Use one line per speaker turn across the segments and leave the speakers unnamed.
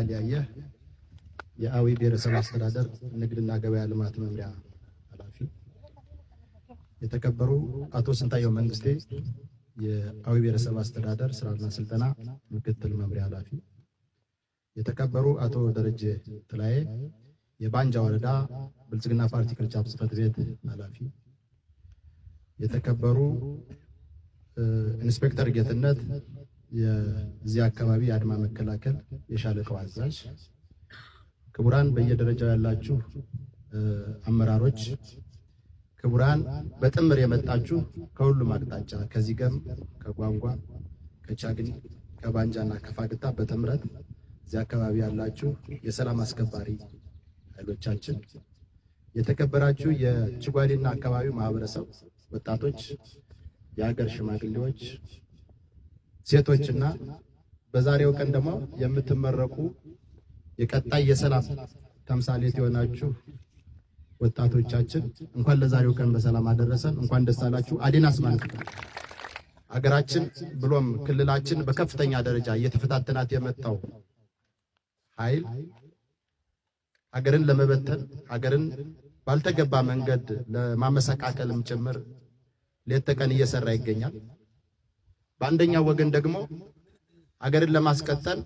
አረጋ ያየ የአዊ ብሔረሰብ አስተዳደር ንግድና ገበያ ልማት መምሪያ ኃላፊ፣ የተከበሩ አቶ ስንታየው መንግስቴ የአዊ ብሔረሰብ አስተዳደር ስራና ስልጠና ምክትል መምሪያ ኃላፊ፣ የተከበሩ አቶ ደረጀ ጥላዬ የባንጃ ወረዳ ብልጽግና ፓርቲ ቅርንጫፍ ጽህፈት ቤት ኃላፊ፣ የተከበሩ ኢንስፔክተር ጌትነት የዚህ አካባቢ የአድማ መከላከል የሻለቀው አዛዥ፣ ክቡራን በየደረጃው ያላችሁ አመራሮች፣ ክቡራን በጥምር የመጣችሁ ከሁሉም አቅጣጫ ከዚህ ገም፣ ከጓንጓ፣ ከቻግኒ፣ ከባንጃና ከፋግታ በጥምረት እዚህ አካባቢ ያላችሁ የሰላም አስከባሪ ኃይሎቻችን፣ የተከበራችሁ የችጓዴና አካባቢው ማህበረሰብ ወጣቶች፣ የሀገር ሽማግሌዎች ሴቶችና በዛሬው ቀን ደግሞ የምትመረቁ የቀጣይ የሰላም ተምሳሌት የሆናችሁ ወጣቶቻችን እንኳን ለዛሬው ቀን በሰላም አደረሰን። እንኳን ደስ አላችሁ። አዴናስ ማለት አገራችን ብሎም ክልላችን በከፍተኛ ደረጃ እየተፈታተናት የመጣው ኃይል ሀገርን ለመበተን ሀገርን ባልተገባ መንገድ ለማመሰቃቀልም ጭምር ሌት ተቀን እየሰራ ይገኛል። በአንደኛው ወገን ደግሞ አገርን ለማስቀጠል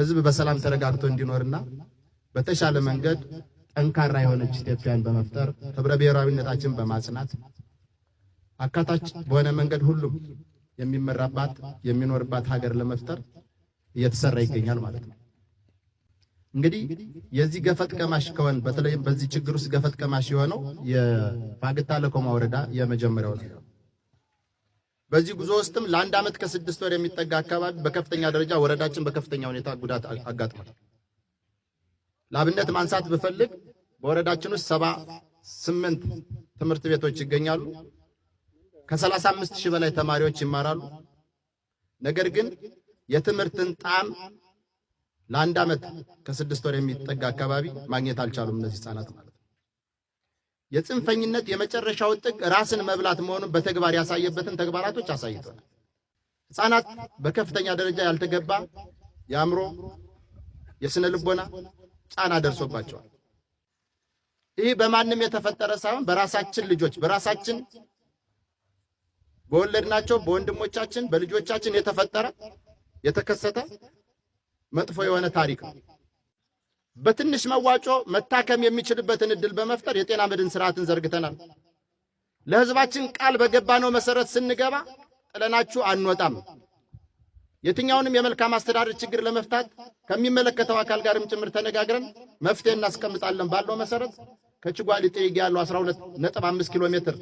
ህዝብ በሰላም ተረጋግቶ እንዲኖርና በተሻለ መንገድ ጠንካራ የሆነች ኢትዮጵያን በመፍጠር ህብረ ብሔራዊነታችን በማጽናት አካታች በሆነ መንገድ ሁሉም የሚመራባት የሚኖርባት ሀገር ለመፍጠር እየተሰራ ይገኛል ማለት ነው። እንግዲህ የዚህ ገፈት ቀማሽ ከሆን በተለይም በዚህ ችግር ውስጥ ገፈት ቀማሽ የሆነው የፋግታ ለኮማ ወረዳ የመጀመሪያው ነው። በዚህ ጉዞ ውስጥም ለአንድ ዓመት ከስድስት ወር የሚጠጋ አካባቢ በከፍተኛ ደረጃ ወረዳችን በከፍተኛ ሁኔታ ጉዳት አጋጥሟል። ለአብነት ማንሳት ብፈልግ በወረዳችን ውስጥ ሰባ ስምንት ትምህርት ቤቶች ይገኛሉ። ከሰላሳ አምስት ሺህ በላይ ተማሪዎች ይማራሉ። ነገር ግን የትምህርትን ጣዕም ለአንድ ዓመት ከስድስት ወር የሚጠጋ አካባቢ ማግኘት አልቻሉም እነዚህ ህጻናት ማለት የጽንፈኝነት የመጨረሻው ጥግ ራስን መብላት መሆኑን በተግባር ያሳየበትን ተግባራቶች አሳይቷል። ሕፃናት በከፍተኛ ደረጃ ያልተገባ የአእምሮ የስነ ልቦና ጫና ደርሶባቸዋል። ይህ በማንም የተፈጠረ ሳይሆን በራሳችን ልጆች በራሳችን በወለድናቸው በወንድሞቻችን በልጆቻችን የተፈጠረ የተከሰተ መጥፎ የሆነ ታሪክ ነው። በትንሽ መዋጮ መታከም የሚችልበትን እድል በመፍጠር የጤና መድን ስርዓትን ዘርግተናል። ለህዝባችን ቃል በገባነው መሰረት ስንገባ ጥለናችሁ አንወጣም። የትኛውንም የመልካም አስተዳደር ችግር ለመፍታት ከሚመለከተው አካል ጋርም ጭምር ተነጋግረን መፍትሄ እናስቀምጣለን ባለው መሰረት ከችጓሊ ጥግ ያለው 12.5 ኪሎ ሜትር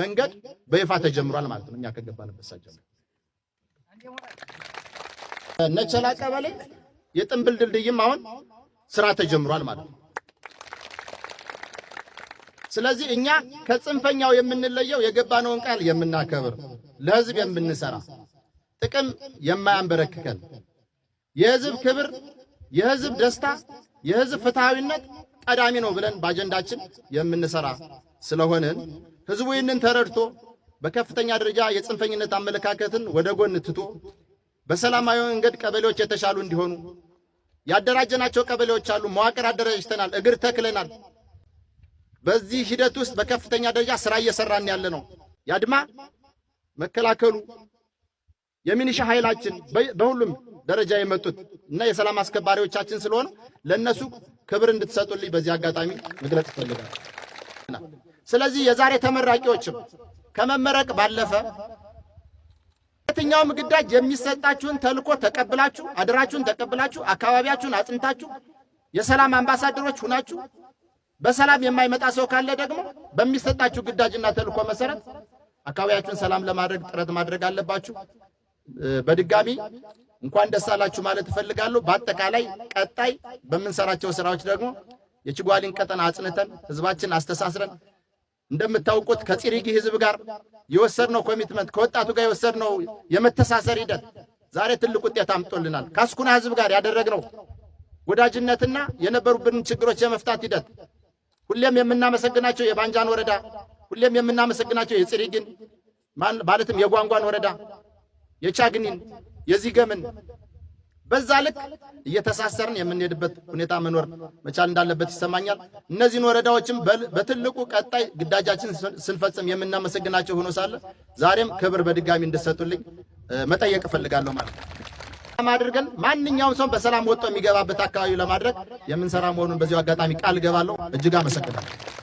መንገድ በይፋ ተጀምሯል ማለት ነው። እኛ ከገባንበት ሰዓት ነቸላ ቀበሌ የጥንብል ድልድይም አሁን ስራ ተጀምሯል ማለት ነው። ስለዚህ እኛ ከጽንፈኛው የምንለየው የገባነውን ቃል የምናከብር፣ ለህዝብ የምንሰራ፣ ጥቅም የማያንበረክከን፣ የህዝብ ክብር፣ የህዝብ ደስታ፣ የህዝብ ፍትሐዊነት ቀዳሚ ነው ብለን በአጀንዳችን የምንሰራ ስለሆንን ህዝቡ ይህንን ተረድቶ በከፍተኛ ደረጃ የጽንፈኝነት አመለካከትን ወደ ጎን ትቶ በሰላማዊ መንገድ ቀበሌዎች የተሻሉ እንዲሆኑ ያደራጀናቸው ቀበሌዎች አሉ። መዋቅር አደራጅተናል። እግር ተክለናል። በዚህ ሂደት ውስጥ በከፍተኛ ደረጃ ስራ እየሰራን ያለ ነው። የአድማ መከላከሉ የሚኒሻ ኃይላችን በሁሉም ደረጃ የመጡት እና የሰላም አስከባሪዎቻችን ስለሆኑ ለእነሱ ክብር እንድትሰጡልኝ በዚህ አጋጣሚ መግለጽ ይፈልጋል። ስለዚህ የዛሬ ተመራቂዎችም ከመመረቅ ባለፈ በየትኛውም ግዳጅ የሚሰጣችሁን ተልኮ ተቀብላችሁ አደራችሁን ተቀብላችሁ አካባቢያችሁን አጽንታችሁ የሰላም አምባሳደሮች ሁናችሁ በሰላም የማይመጣ ሰው ካለ ደግሞ በሚሰጣችሁ ግዳጅና ተልኮ መሰረት አካባቢያችሁን ሰላም ለማድረግ ጥረት ማድረግ አለባችሁ። በድጋሚ እንኳን ደስ አላችሁ ማለት እፈልጋለሁ። በአጠቃላይ ቀጣይ በምንሰራቸው ስራዎች ደግሞ የችጓሊን ቀጠና አጽንተን ህዝባችን አስተሳስረን እንደምታውቁት ከጽሪጊ ህዝብ ጋር የወሰድነው ኮሚትመንት ከወጣቱ ጋር የወሰድነው የመተሳሰር ሂደት ዛሬ ትልቅ ውጤት አምጦልናል። ካስኩና ህዝብ ጋር ያደረግነው ወዳጅነትና የነበሩብን ችግሮች የመፍታት ሂደት ሁሌም የምናመሰግናቸው የባንጃን ወረዳ፣ ሁሌም የምናመሰግናቸው የጽሪግን ማለትም የጓንጓን ወረዳ፣ የቻግኒን፣ የዚገምን በዛ ልክ እየተሳሰርን የምንሄድበት ሁኔታ መኖር መቻል እንዳለበት ይሰማኛል። እነዚህን ወረዳዎችም በትልቁ ቀጣይ ግዳጃችን ስንፈጽም የምናመሰግናቸው ሆኖ ሳለ ዛሬም ክብር በድጋሚ እንድሰጡልኝ መጠየቅ እፈልጋለሁ ማለት ነው። አድርገን ማንኛውም ሰው በሰላም ወጥቶ የሚገባበት አካባቢ ለማድረግ የምንሰራ መሆኑን በዚሁ አጋጣሚ ቃል እገባለሁ። እጅግ አመሰግናለሁ።